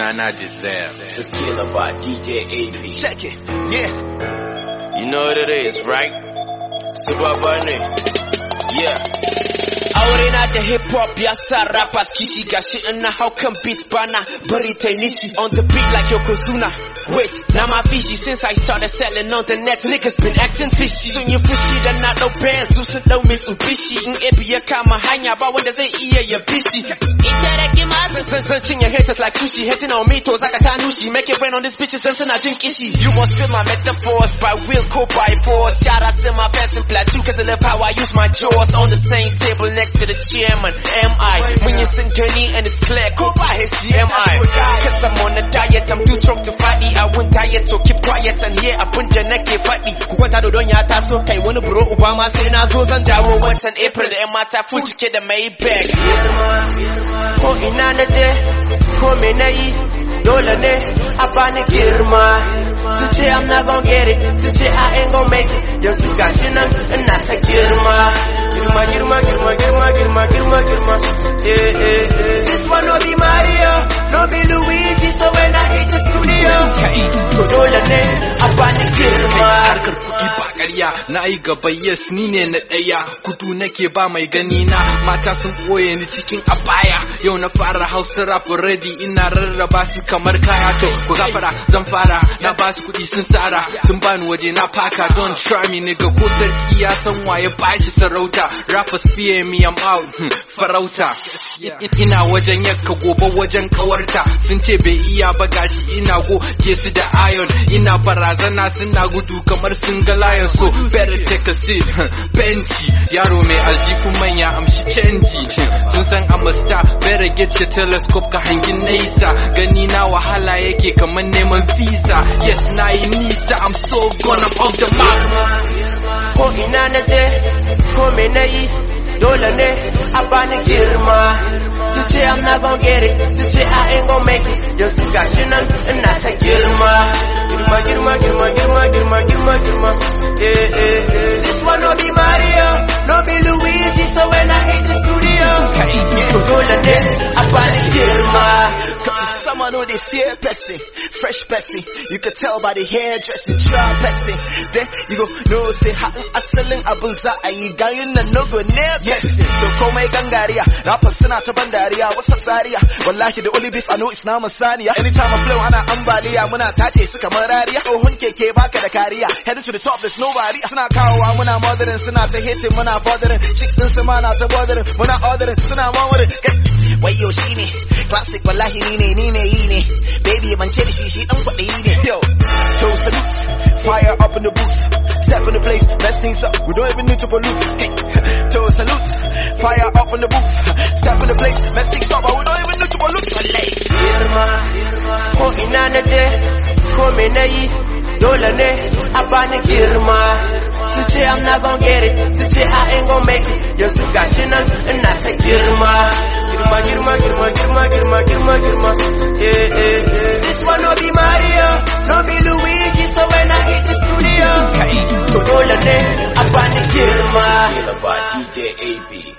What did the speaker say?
and I deserve. killer by DJ AV. Check it, yeah. You know what it is, right? Super Bunny, yeah aure na the hip hop ya sa rappers kishi gashi how come beats bana it ain't nishi on the beat like yokozuna wait now my fishy since I started selling on the net niggas been acting fishy sun yi fushi dan not no bands su sun dau Mitsubishi in ebi ya kama hanya ba wanda zai iya ya bishi ita da kimasu sun sun your haters like sushi hating on me toes Like a nushi make it rain on these bitches dan I drink kishi you must feel my metaphors by will co by force shout out to my fans in platoon cause I live how I use my jaws on the same table next to the chairman, Am I? When you sing Kenny and it's clear, go by his CMI. Cause I'm on a diet, I'm too strong to fight me. I won't tired, so keep quiet and here I abun da nake faɗi. Ku kwanta da don ya taso kai wani bro, Obama say na zo zan What's watan April da 'yan mata fu cike da Maybach. Ko ina na je, ko me na yi, dole ne a bani girma. Sun I'm not gon' get it, sun I ain't gon' make it, yanzu gashi nan ina ta girma. Girma, Girma, Girma, Girma, Yeah, yeah, yeah. This one no be Mario, no be Luigi, so when na yi gabayas ni ne na ɗaya kudu nake ba mai gani na mata sun ɓoye ni cikin abaya yau na fara hausa rap ready ina rarraba su kamar kaya to ku gafara zan fara na ba su kuɗi sun tsara sun bani waje na faka don try me nigga ko sarki ya san waye ba shi sarauta rappers fear me I'm out hmm, farauta ina wajen yakka gobe wajen kawarta sun ce bai iya ba gashi ina go ke su da iron ina barazana suna gudu kamar sun ga lion so ta benci yaro mai aljihun manya amshi canji sun san amasta better get your telescope ka hangin nesa gani na wahala yake kamar neman visa yes na yi nisa i'm so gone i'm off the map ko ina na je ko me na yi dole ne a bani girma su ce i'm not gonna get it su ce i ain't gonna make it yanzu shi nan ina ta girma girma girma girma girma girma girma girma eh eh death Someone who they fear person, fresh person. You could tell by the hairdressing, try person. Then you go, no, say, ha, asalin abun za a yi ganyen nan no go near person. To komai gangariya, rappers suna ta bandariya, wasa tsariya. Wallahi the only beef I know it's na Masania. Anytime I flow ana ambaliya, muna tace su Oh, rariya. Tsohon keke baka da kariya, heading to the top there's nobody. Suna kawowa muna mothering, suna ta hitting, muna bothering. Chicks din su ma na ta bothering, muna ordering, suna mawarin. Wai yo shine, classic but ni ne, ni ne Baby, I'm ban ce She shi shi dan kwaɗayi ne yo to salutes, fire up in the booth step in the place mess things up we don't even need to pollute hey. to salute fire up in the booth step in the place mess things up but we don't even need to pollute wallahi girma ko ina na je ko me na yi dole ne girma su i'm not gonna get it su i ain't gonna make it yes DJ AB.